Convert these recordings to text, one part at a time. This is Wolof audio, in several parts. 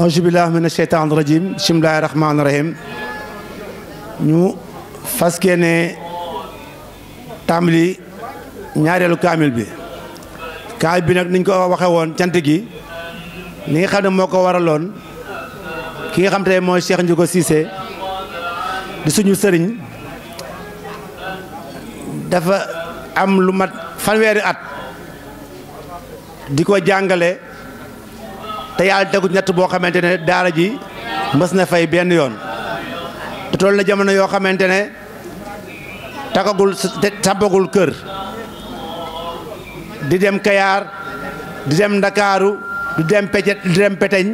auzu billaahi mina sheytaani rajiim bismillaahi rahmaani rahiim ñu fas yéene tàmbali ñaareelu kaamil bi kaamil bi nag niñ ko waxe woon cant gi li nga xam ne moo ko waraloon ki nga xam te mooy Cheikh Ndiouga Cissé di suñu sëriñ dafa am lu mat fanweeri at di ko jàngale te yàlla tegut ñett boo xamante ne daara ji mës na fay benn yoon te toll na jamono yoo xamante ne takkagul sàbbagul kër di dem Kayaar di dem Ndakaaru di dem Peteñ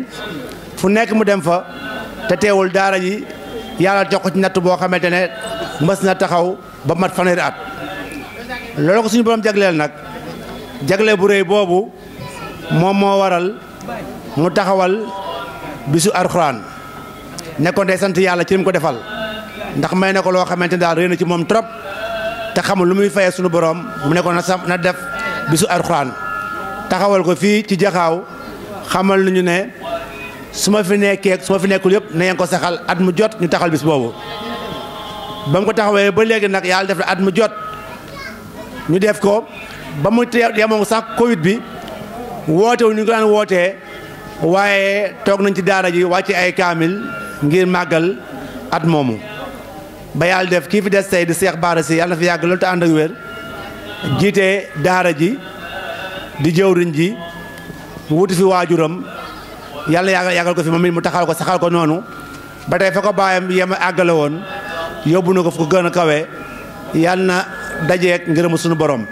fu nekk mu dem fa te teewul daara ji yàlla jox ko ci natt boo xamante ne mës na taxaw ba mat fanweeri at loolu ko suñu borom jagleel nag jagle bu rëy boobu moom moo waral. mu taxawal bisu alxuraan nekkoon ko sant yàlla ci lim ko defal ndax may na ko loo xamante daal réer na ci moom trop te xamul lu muy fayee sunu boroom mu nekkoon na na na def bisu alxuraan taxawal ko fii ci jaxaaw xamal nañu ne su ma fi nekkee su ma fi nekkul yëpp na ko saxal at mu jot ñu taxal bis boobu ba mu ko taxawee ba léegi nag yàlla def na at mu jot ñu def ko ba mu yemoo sax Covid bi. woote wu ñu ko daan wootee waaye toog nañ ci daara ji wàcce ay kaamil ngir màggal at moomu ba yàlla def kii fi des tey di Cheikh Bara Sy yàlla na fi yàgg loolu te ànd ak wér jiite daara ji di jëwriñ ji wuti fi waajuram yàlla yàggal yàggal ko fi moom mu taxal ko saxal ko noonu ba tey fa ko bàyyam yem àggale woon yóbbu na ko fu ko gën a kawe yàlla na dajeek ngërëmu sunu borom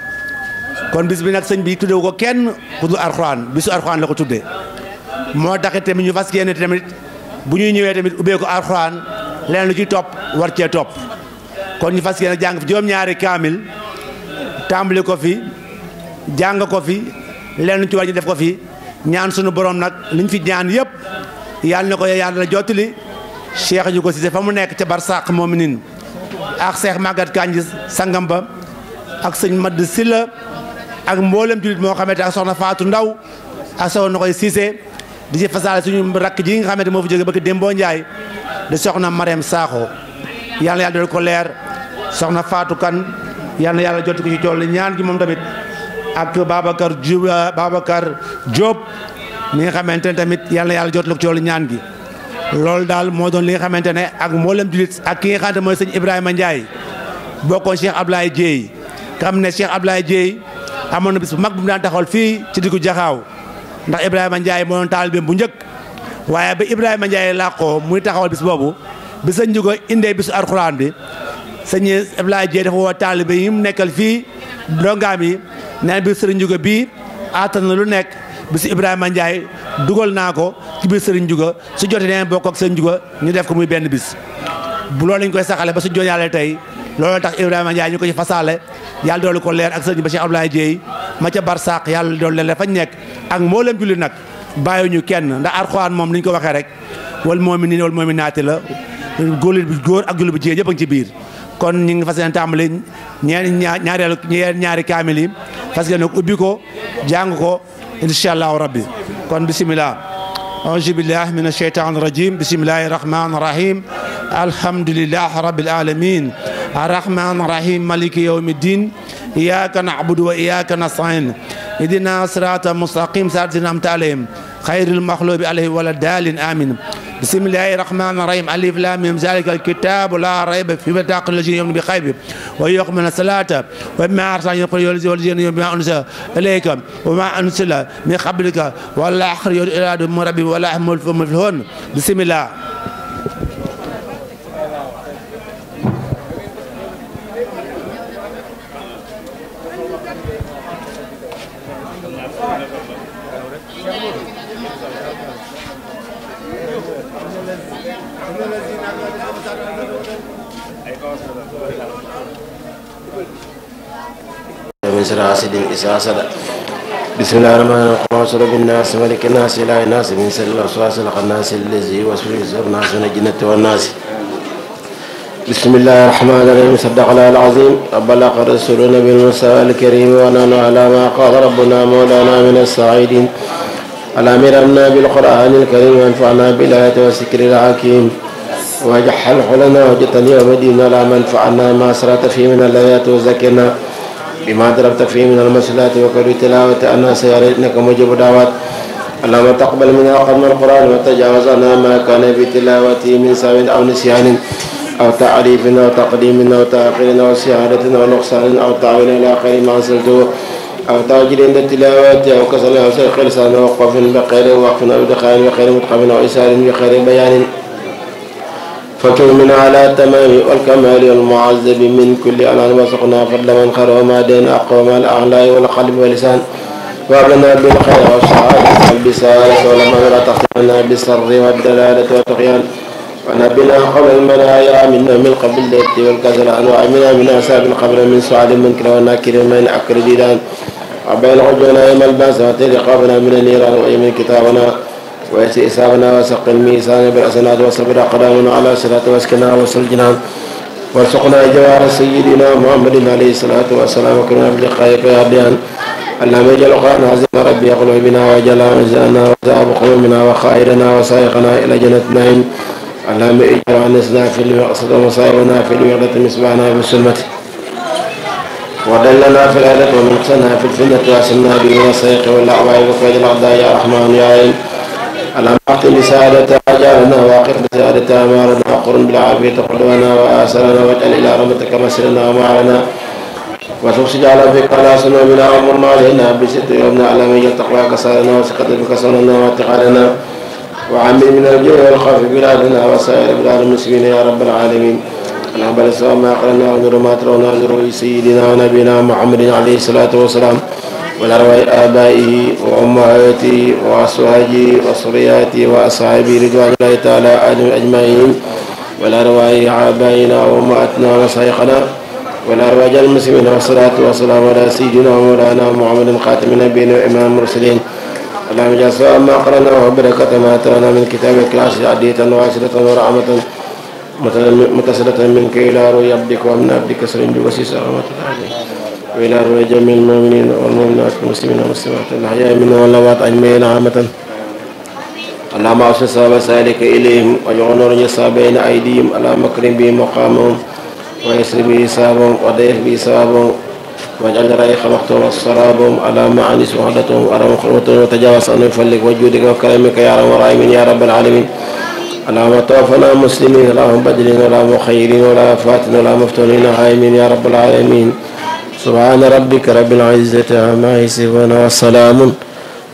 kon bis bi nag sëñ bi tuddewu ko kenn ku dul arxuraan bisu arxuraan la ko tudde moo tax tamit ñu fas yéene tamit bu ñuy ñëwee tamit ubbee ko arxuraan leneen lu ci topp war cee topp kon ñu fas yéene jàng fi juróom-ñaari kaamil tàmbali ko fi jàng ko fi leneen lu ci war ñu def ko fi ñaan suñu borom nag liñ fi ñaan yëpp yàlla na ko yàlla la jottali cheikh ko si fa mu nekk ca barsàq moom nin ak cheikh màggat kanji sangam ba ak sëñ madd silla ak mboolem jullit moo xamante ak soxna Faatu Ndaw ak soxna na koy Cissé di ci fasaale suñu rakk ji nga xamante moo fi jóge bëgg Dembo Njaay di soxna Marème Sakho yàlla yàlla dool ko leer soxna Faatu Kan yàlla yàlla jot ko ci tool ñaan gi moom tamit ak Babacar Diop euh, Babacar Diop mi nga xamante ne tamit yàlla yàlla jot ko ci ñaan gi loolu daal moo doon li nga xamante ne ak mboolem jullit ak ki nga sëñ Ibrahima Ndiaye bokkoon Cheikh Ablaye Dieye xam ne Cheikh Ablaye Dieye amoon na bis bu mag bu mu daan taxawal fii ci diggu jaxaaw ndax Ibrahima Ndiaye moo doon taalibeem bu njëkk waaye ba Ibrahima Ndiaye làqoo muy taxawal bis boobu bi sëñ Ndiouga indee bisu alxuraan bi sëñ Ibrahima Ndiaye dafa woo taalibe yi mu nekkal fii ndongaam yi naan bi sëriñ Ndiouga bii attan na lu nekk bisu Ibrahima Ndiaye dugal naa ko ci biir sëriñ Ndiouga su jotee neen bokk ak sëriñ Ndiouga ñu def ko muy benn bis bu loolu lañ koy saxale ba su jooñaale tey looloo tax Ibrahima Ndiaye ñu ko ci fasaale yàlla doolu ko leer ak sëriñ ba Cheikh Abdoulaye Dieye ma ca barsaq yàlla doolu leen fañ nekk ak mboolem julli nag bàyyiwuñu kenn ndax Alxuraan moom ni ñu ko waxee rek wal mu'miniina wal mu'minaati la góorlu bi góor ak julli bu jigéen yëpp a ci biir kon ñi ngi fas yéene tàmbali ñeen ñaareelu ñeen ñaari kaamil yi fas yéene ubbi ko jàng ko incha allahu rabbi kon bisimilah auzu billahi min asheytan rajim bisimilahi rahman rahim alhamdulilah الرحمن الرحيم مالك يوم الدين إياك نعبد وإياك نستعين اهدنا صراط مستقيم صراط أنعمت عليهم خير المخلوب عليه ولا الضالين آمين بسم الله الرحمن الرحيم ألف لام ميم ذلك الكتاب لا ريب فيه وتعقل الذين يؤمنون بالغيب ويقيمون الصلاة وما أرسل يقول يلزم الذين يؤمنون بما أنزل إليك وما أنزل من قبلك ولا آخر يريد إلى ربي ولا هم الفهم بسم الله misra sidin isa sada bismillahir rahmanir rahim surabin nas malikin nas ilahi nas min sallil waswasil khannas allazi waswisu nas min jinnati wan nas bismillahir rahmanir rahim sadaqal azim abalaqa rasuluna bil mursal karim wa nanu ala ma qala rabbuna mawlana min as-sa'idin ala mirna bil qur'anil karim wa anfa'na bil ayati wa zikril hakim واجعل حلنا وجدا يوم الدين ولا منفعنا ما أسرت فيه من الآيات وزكنا بما ضربت فيه من المسلات وكل تلاوة أنا سيارة إنك مجيب دعوات اللهم تقبل منا قبل القرآن وتجاوز عنا ما كان في تلاوته من سهو أو نسيان أو تعريف أو تقديم أو تأخير أو سيادة أو نقصان أو تعويل إلى آخر ما أرسلته أو تاجر عند التلاوة أو كسل أو سيخ لسان وقف بخير وقف أو دخان بخير متقف أو إسهال بخير بيان فتؤمن على تمام والكمال والمعذب من كل أنعام وسقنا فضل من خير وما دين أقوام الأعلى والقلب واللسان وابلنا بالخير والسعادة والبسارة ولما ولا تختمنا بالسر والدلالة والطغيان ونبنا قبل المنايا منا من قبل الدت والكسل وعمنا من أساب قبل من سعد منكر وناكر من أكر جدان وبين عجنا يوم الباس وتلقى من النيران وإيمن كتابنا ويسر إصابنا وسق الميزان بالحسنات وصبر أقدامنا على صراط واسكنا وصل الجنان وارزقنا جوار سيدنا محمد عليه الصلاة والسلام وكرمنا بلقائك يا ربيان اللهم اجعل قرآن عظيم ربي قلوبنا وجل أنزلنا وذهب قلوبنا وخائرنا وسائقنا إلى جنة نعيم اللهم اجعل أنسنا في المقصد ومصائبنا في الوردة مصباحنا بالسلمة ودلنا في الهدف ومن في الفنة واسمنا به والسيق والأعوائي وكيد الأعداء يا رحمن يا عين اللهم اختم رسالته وجعلنا واقف رسالته أمارنا وقرن بالعافية قلوبنا وآسرنا واجعل إلى رحمتك مسيرنا ومعنا وتفسد على فيك على سنوبنا وامر علينا بستر يومنا على من يلتقى كسرنا وسكت بكسرنا واعتقادنا وعمل من الجوع والخوف بلادنا وسائر بلاد المسلمين يا رب العالمين اللهم بل ما اقرنا ونر ما ترون نور سيدنا ونبينا محمد عليه الصلاه والسلام ولأرواح آبائه وأمهاته وأزواجه وذرياته وأصحابه رضوان الله تعالى عليهم أجمعين ولأرواح آبائنا وأمهاتنا ومشايخنا ولأرواح المسلمين والصلاة والسلام على سيدنا ومولانا محمد خاتم النبيين وإمام المرسلين اللهم اجعل سواء ما قرأناه وبركة ما أتانا من كتابك العشر عدية وعاشرة ورحمة متصلة منك إلى رؤيا عبدك ومن عبدك سرنج وسيس رحمة الله عليه وإلى جميع المؤمنين والمؤمنات والمسلمين والمسلمات الأحياء منهم والأموات أجمعين عامة اللهم أرشد صواب سالك إليهم واجعل نور يسعى بين أيديهم اللهم أكرم به مقامهم ويسر به حسابهم وضيف به ثوابهم واجعل رأيك مختوم الصرابهم اللهم أنس وحدتهم وأرم خلوتهم وتجاوز عن فلك وجودك وكرمك يا رب العالمين يا رب العالمين اللهم توفنا مسلمين اللهم بدلين ولا مخيرين ولا فاتن ولا مفتونين عائمين يا رب العالمين subhaana rabbika rabbil izzati ammaa yasifuun wa salaamun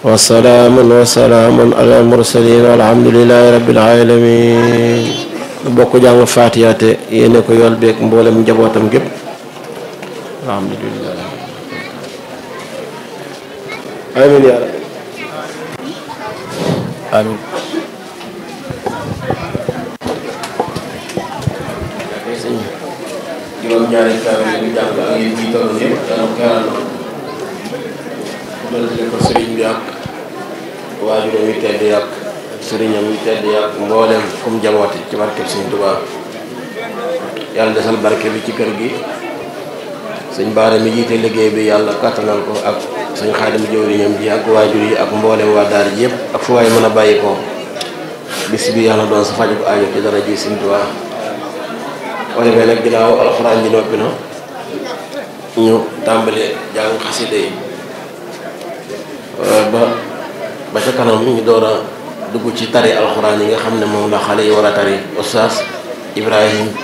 wa salaamun wa salaamun ala al-mursaliin walhamdulillaahi rabbil aalamiin bokk jàng Faatiha te yéene ko yool beeg mboolem njabootam gépp alhamdulilah amiin juróom-ñaari kaamil bu jàng ak yéen ñi toll yëpp dana kaaraan doon ko sëriñ bi ak waajuram yu tedd yàq ak sëriñam yu tedd yàq mboolem fu mu bi ci kër gi sëñ Baara mi jiite liggéey bi yàlla kattanal ko ak sëñ Xaadim jëwriñam ji ak waajur yi ak mboolem waa daara ji yëpp ak fu waay mën a bàyyi ko bis bi yàlla doon sa faju ko aajo ci dara ji Sëriñ Tuubaa boo defee nag ginnaaw alxuraan ji noppi na ñu tàmbali jàng xasida yi ba ba ca kanam ñu door a dugg ci tari alxuraan yi nga xam ne moom la xale yi war tari oustaz Ibrahim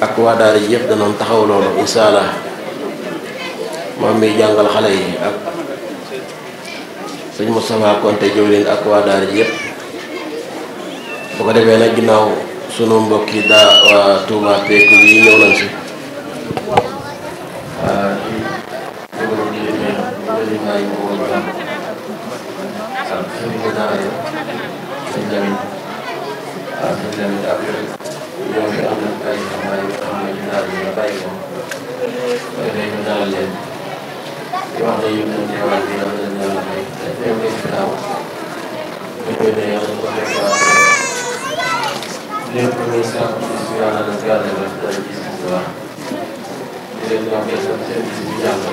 ak waa daara ji yëpp danoon taxaw loolu incha allah moom miy jàngal xale yi ak sëñ Moustapha Konte Jowlin ak waa daara ji yëpp bu ko defee nag ginnaaw. sunu mbokk yi daa waa Touba Peku yi ñëw nañ si waa di di maa ngi woon daal ak xëy na daa yow xëy na ñu ah xëy na ñu ak ñoom ñu am nañu ay xabaar yoo xam ne ñu daal di la bàyyi ko waaye day ñu daal leen di wax ne yéen dañu teewaat bi yàlla na leen yàlla may te teew nañu fi daaw ñu koy ne yàlla ñu ko fekk disposition constitutionnelle de la de la pouvoir. Il est en personne service diable.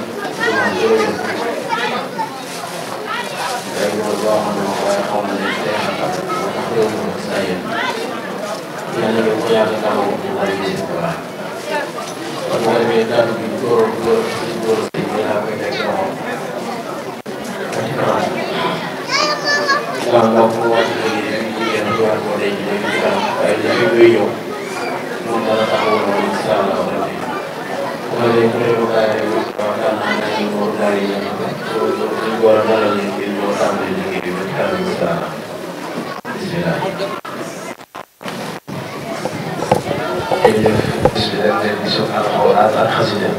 Et vous le voir en envoyant en ministère à partir de mon conseil. Il y a le moyen de faire au pouvoir de l'histoire. On a le métal du tour, du tour, du tour, du tour, du tour, du tour, du tour, tëjee bis bi leen leen bisu alxuraan ak xasida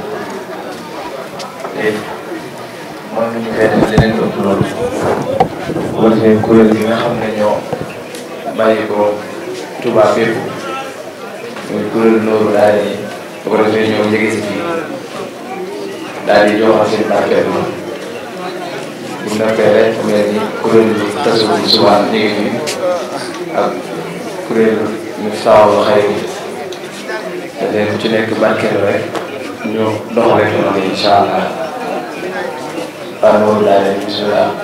te mën nañu fee def leneen lu ëpp loolu nga xam ne ñoo bàyyi ko tubaab yëpp muy kuréel nooru daal yi boo defee ñoo jege si daal di joxal seen barkeel ma bu nekkee rek mel ni kuréel bi tasu subaan ñu ngi nii ak kuréel ñu saawal xëy te ku ci nekk barkeelu rek ñu doxalee noonu incha allah.